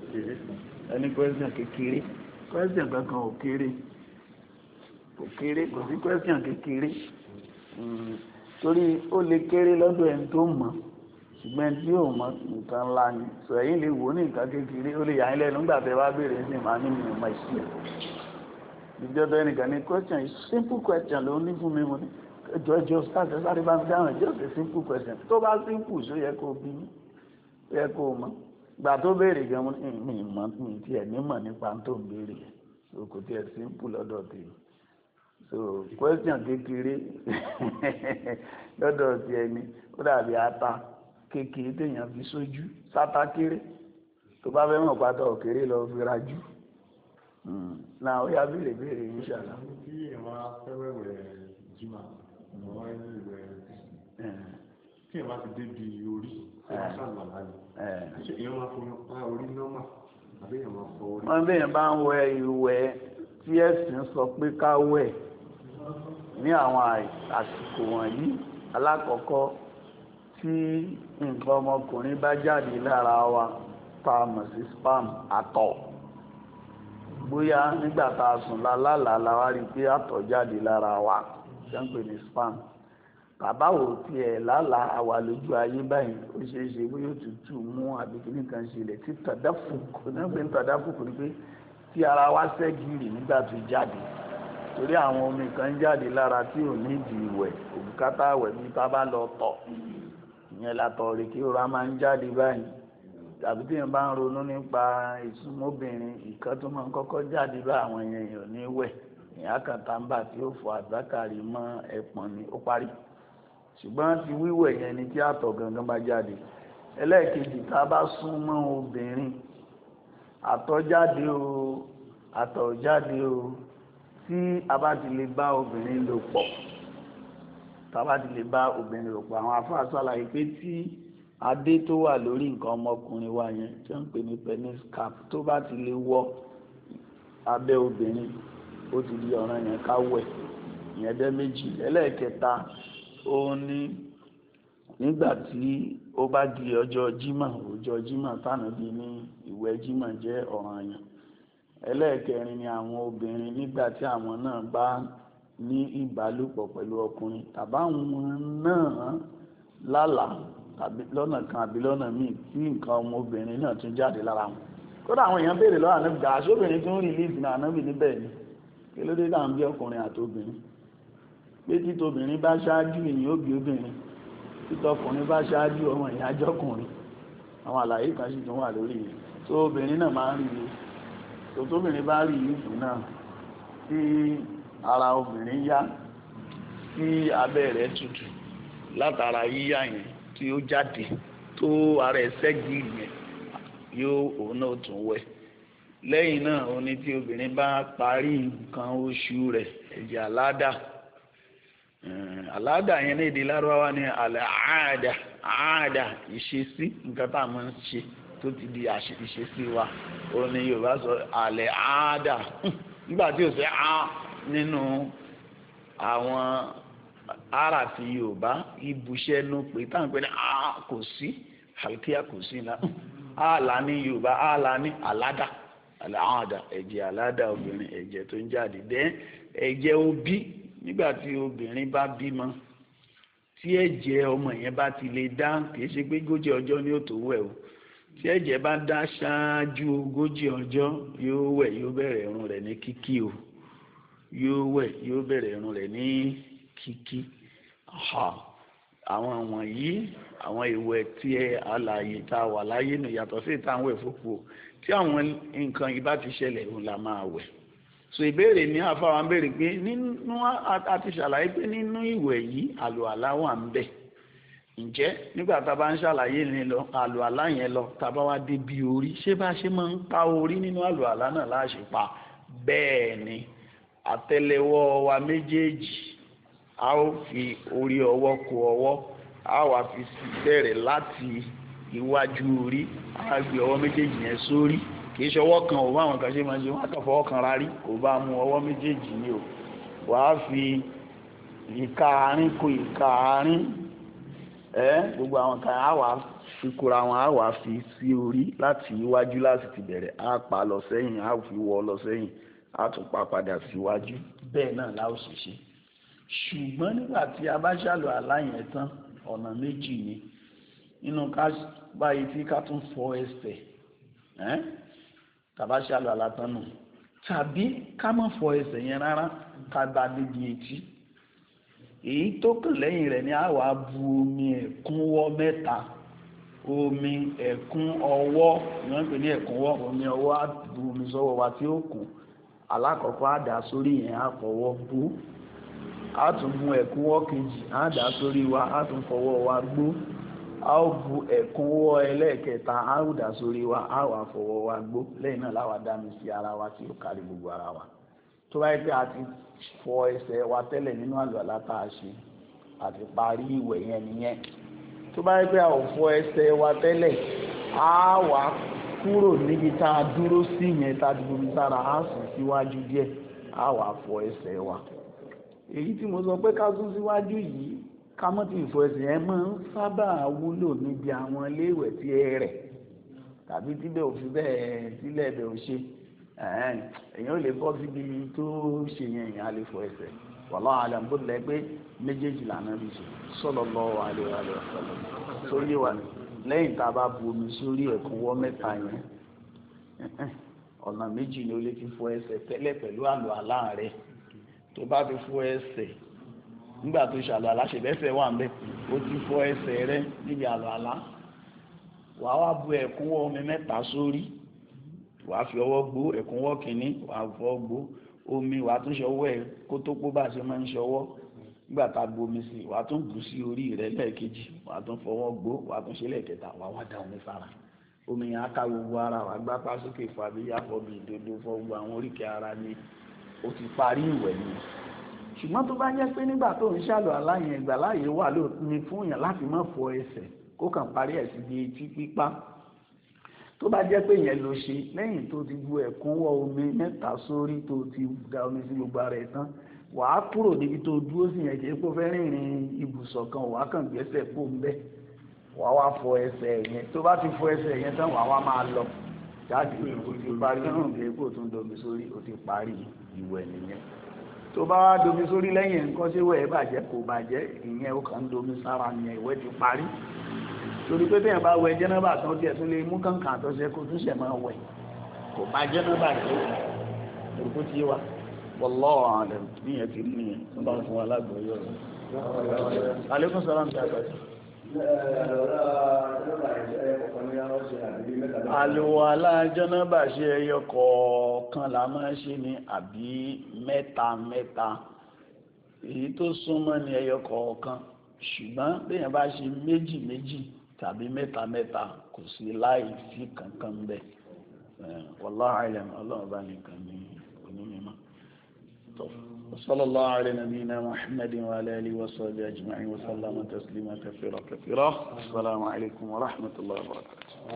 kékeré ẹni question kékeré question kankan ò kéré kò kéré kò sí question kékeré hmm, torí ó lè kéré lọ́dọ̀ ẹni tó mọ̀ ṣùgbọ́n tí ò mọ̀ nǹkan ńlá ni sọ ẹ̀yìn lè wò ní nǹkan kékeré ó lè yà ń lẹ́nu nígbà tẹ́ wá béèrè sí màá ní mi mọ̀ sí ìjọba ẹnìkan ní question simple question ló ní fún mi mo ní ẹjọ́ ẹjọ́ sáré bá mi dáhùn just a simple question tó bá simple ṣó yẹ kó bí ó yẹ kó mọ̀ gbà tó béèrè gan mi mọ mi tiẹ̀ nímọ̀ nípa tó ń béèrè so kò tiẹ̀ simple lọ́dọ̀ tèmi so question kékeré lọ́dọ̀ tiẹ̀ ni ó dàbí ata kékeré téèyàn fi sójú sátá kéré tó bá fẹ́ mọ̀ pátá òkèrè lọ fi rajú hmm. náà ó yá béèrè béèrè yín ṣàlá. kí ìwà fẹ́rẹ̀ rẹ̀ jimá ìwà ẹni rẹ̀ tí ìwà ti débi orí wọ́n bẹ́ẹ̀ bá ń wẹ ìwẹ̀ tí ẹ̀sìn sọ pé ká wẹ̀ ní àwọn àsìkò wọ̀nyí alákọ̀ọ́kọ́ tí nǹkan ọmọkùnrin bá jáde lára wa tá a mọ̀ sí spam àtọ̀ bóyá nígbà tá a sùn lálàlá la wá rí i pé àtọ̀ jáde lára wa ṣé ń pè ní spam bàbá ò tiẹ̀ lálàá àwa lójú ayé báyìí ó ṣe é ṣe bó yóò tútù mú àbí kíní kan ṣẹlẹ̀ tí tàdáfùkù náà pé tàdáfùkù ni pé tí ara wa ṣẹ́gìrì nígbà tó jáde torí àwọn omi kan jáde lára tí ò ní ìdí ìwẹ̀ òbúkátà ìwẹ̀ bí tá a bá lọ tọ̀ ìyẹn látọ̀ rè kí ora máa ń jáde báyìí tàbí tí èèyàn bá ń ronú nípa ìsúnmọ́bìnrin ìkan tó máa ń kọ́kọ́ jáde bá àwọn èèyàn ní wẹ̀ ìyá kan tá ń bà tí ó fọ àgbákàrí mọ́ ẹ̀pọ̀n ni ó parí ṣùgbọ́n ti wíwẹ̀ yẹn ni tí àtọ̀ gangan bá jáde ẹlẹ́ẹ̀kejì tá a bá sún mọ́ obìnrin àtọ̀jáde o àtọ̀jáde o tí a bá ti lè bá obìnrin lò pọ̀ tá a bá ti lè bá obìnrin lò pọ̀ àwọn afáà ṣàlàyé pé tí adé tó wà lórí nǹkan ọmọkùnrin wa yẹn tí wọ́n ń pè ní penis tó bá ti lè wọ abẹ́ obìnrin ó ti di ọ̀ràn yẹn ká wẹ̀ ìyẹn dẹ́ méjì ẹlẹ́ẹ̀kẹta òun ni nígbà tí ó bá di ọjọ́ jímà ọjọ́ jímà tànàbí ní ìwẹ̀ jímà jẹ́ ọ̀ranyàn ẹlẹ́ẹ̀kẹrin ni àwọn obìnrin nígbà tí àwọn náà bá ní ìbálòpọ̀ pẹ̀lú ọkùnrin tàbáwọn náà lálàá tàbí lọ́nà kan àbí lọ́nà míì tí nǹkan ọmọbìnrin náà tún jáde lára wọn kódà àwọn èèyàn béèrè lọ́wọ́ ànábì gàásóbìnrin tún rìlíìsì náà ànábì níbẹ̀ ni kí ló dé dáhùn bí ọkùnrin àtobìnrin pé títóbìnrin bá ṣáájú èyàn ó bí obìnrin títọkùnrin bá ṣáájú ọmọ ìyájọ́kùnrin àwọn àlàyé kan sì tún wà lórí yìí tó obìnrin náà máa ń rí i tó tóbìnrin bá rí ìlú náà tí ara obìnrin yá tí abẹ́ rẹ̀ tutù látara yíyá yẹn tí ó jáde tó ara ẹ̀ sẹ́gi yóò òun náà tún wẹ̀ lẹ́yìn náà ó tí obìnrin bá parí nǹkan oṣù rẹ̀ ẹ̀jẹ̀ aládàá Eh, aláàdà yẹn ní èdè lárúbáwá ni àlàáda àáda ìṣesí nǹkan tá a máa ṣe tó ti di ìṣesí wa ó ni yorùbá sọ nígbà tí o ṣe á nínú àwọn àràfi yorùbá ibùsẹ̀ ló pé táwọn kò sí kò sí Ala yorùbá obìnrin tó ń jáde nígbà tí obìnrin bá bímọ tí ẹ̀jẹ̀ ọmọ yẹn bá ti lè dá kìí ṣe pé gójì ọjọ́ ni ó tó wẹ̀ o tí ẹ̀jẹ̀ bá dá ṣáájú ogójì ọjọ́ yóò wẹ̀ yóò bẹ̀rẹ̀ irun rẹ̀ ní kíkí o yóò wẹ̀ yóò bẹ̀rẹ̀ irun rẹ̀ ní kíkí àwọn wọ̀nyí àwọn ìwẹ̀ tí ẹ alààyè tá a wà láyé nù yàtọ̀ sí ìtàn wẹ̀ fòkù o tí àwọn nǹkan yìí bá ti ṣẹlẹ̀ òun la máa wẹ̀ so ìbéèrè mi àfáwọn abéèrè pé nínú àti ṣàlàyé pé nínú ìwẹ̀ yìí àlùwàlá wà ń bẹ̀ ǹjẹ́ nígbà tá a bá ń ṣàlàyé ní lọ àlùwàlá yẹn lọ tá a bá wá débi orí ṣé bá ṣe máa ń pa orí nínú àlùwàlá náà láṣẹ pa bẹ́ẹ̀ ni àtẹ́lẹwọ́ wa méjèèjì a ó fi orí ọwọ́ kó ọwọ́ a wá fi bẹ̀rẹ̀ láti iwájú orí a gbé ọwọ́ méjèèjì yẹn sórí. So kìí ṣe ọwọ́ kan ò bá àwọn kan ṣe máa ṣe wọ́n kàn fọwọ́ kan rárí kò bá mú ọwọ́ méjèèjì ni o wàá fi ìka àárín kó ìka àárín ẹ gbogbo àwọn kan á wàá fi kóra wọn á wàá fi sí orí láti iwájú láti ti bẹ̀rẹ̀ á pa lọ sẹ́yìn á fi wọ́ lọ sẹ́yìn á tún pa padà síwájú bẹ́ẹ̀ náà láò sì ṣe ṣùgbọ́n nígbà tí a bá ṣàlù aláyẹn tán ọ̀nà méjì ni nínú ká báyìí tí ká tún fọ ẹsẹ̀ ẹ́ tàbá ṣàlù àlátánù tàbí ká má fọ ẹsẹ̀ yẹn rárá ká bá níbi etí èyí tó kàn lẹ́yìn rẹ̀ ni a wàá bu omi ẹ̀kúnwọ́ mẹ́ta omi ẹ̀kún ọwọ́ ni wọ́n ń pè ní ẹ̀kúnwọ́ omi ọwọ́ á bu omi sọ́wọ́ wa tí ó kù alákọ̀ọ́kọ́ á dà sórí yẹn á fọwọ́ bú á tún mu ẹ̀kúnwọ́ kejì á dà sórí wa á tún fọwọ́ wa gbó a ó bu ẹ̀kúnwọ́ ẹlẹ́ẹ̀kẹta sórí wa a wà wa gbó lẹ́yìn náà láwa dá mi sí ara wa tí ó kárí gbogbo ara wa tó bá yẹ pé a ti fọ ẹsẹ wa tẹlẹ nínú àlùwàlá tá a àti parí iwe yẹn nìyẹn tó bá yẹ pé a ò fọ ẹsẹ wa tẹlẹ a wà kúrò níbi tá a dúró sí yẹn tá a ti bomi sára a sùn síwájú fọ ẹsẹ wa èyí tí mo sọ pé ká kámọ́tì ìfọ ẹsẹ̀ ẹ máa ń sábà wúlò níbi àwọn iléèwẹ̀ tí ẹ rẹ̀ tàbí tíbẹ̀ òfin bẹ́ẹ̀ sílẹ̀ bẹ̀ ò ṣe èèyàn ò lè bọ́ síbi tó ṣe yẹn èèyàn á lè fọ ẹsẹ̀ wallahu alam bó lẹ pé méjèèjì lànà bí ṣe sallallahu alaihi wa sallam tó yé wa lẹ́yìn tá a bá bu omi sórí ẹ̀kúnwọ́ mẹ́ta yẹn ọ̀nà méjì ni ó lè fi fọ ẹsẹ̀ tẹ́lẹ̀ pẹ̀lú àlọ́ àlá rẹ̀ tó bá fi fọ ẹsẹ̀ nígbà tó ṣàlọ́ aláṣẹ lẹ́sẹ̀ wà ńbẹ̀ ó ti fọ ẹsẹ̀ rẹ níbi àlọ́ àlá wà á wá bu ẹ̀kúnwọ́ omi mẹ́ta sórí wà á fi ọwọ́ gbó ẹ̀kúnwọ́ kìíní wà á fọ́ gbó omi wà á tún ṣọwọ́ ẹ̀ kó tó pó bá ṣe máa ń ṣọwọ́ nígbà tá a bu omi sí wà á tún bù sí orí rẹ lẹ́ẹ̀kejì wà á tún fọwọ́ gbó wà á tún ṣe lẹ́ẹ̀kẹta wà á wá da omi sára omi yẹn á ká gbogbo ara wà á gbá pásókè fọ àbíyá fọ bí ìdodo fọ gbogbo àwọn oríkèé ara ni ó ti parí ìwẹ̀ ni ṣùgbọ́n tó bá jẹ́ pé nígbà tó ń ṣàlù aláyẹn ìgbà láàyè wà ní fún èèyàn láti má fọ ẹsẹ̀ kó kàn parí ẹ̀ sí di etí pípa tó bá jẹ́ pé yẹn ló ṣe lẹ́yìn tó ti bu ẹ̀kúnwọ́ omi mẹ́ta sórí tó ti da omi sí gbogbo ara ẹ̀ tán wàá kúrò níbi tó dúró sí yẹn kì í pọ́ fẹ́ rìnrìn ibùsọ̀ kan wàá kàn gbẹ́sẹ̀ pò ń bẹ́ẹ̀ wàá wá fọ ẹsẹ̀ yẹn tó bá ti fọ ẹsẹ̀ yẹn tán wàá wá máa lọ jáde o ti parí ọ̀hún kì í tó ń domi sórí o ti parí ìwẹ̀ nìyẹn tó bá wá domi sórí lẹ́yìn nǹkan ṣé wẹ̀ ẹ́ bàjẹ́ kò bàjẹ́ ìyẹn ó kàn ń domi sára yẹn ìwẹ̀ ti parí torí pé bẹ́ẹ̀ bá wẹ jẹ́nẹ́bà tán tiẹ̀ tún lè mú kàǹkà àtọ́ṣe kó tún ṣẹ̀ máa wẹ̀ kò bá jẹ́nẹ́bà rẹ̀ òkú tí wà wallahu alam níyẹn ti mú yẹn tó bá fún wa lágbóyọ̀ rẹ̀ alaikum salaam ti àgbàjẹ́ àlùwàlá jọ́nàbà ṣe ẹyọ kọ̀ọ̀kan la máa ṣe ní àbí mẹ́ta mẹ́ta èyí tó súnmọ́ ní ẹyọ kọ̀ọ̀kan ṣùgbọ́n béèyàn bá ṣe méjì méjì tàbí mẹ́ta mẹ́ta kò sí láì sí kankan bẹ́ẹ̀ wàláhà ọlọ́run bá nìkan ní onímọ̀ وصلى الله على نبينا محمد وعلى آله وصحبه أجمعين وسلم تسليما كثيرا كثيرا السلام عليكم ورحمة الله وبركاته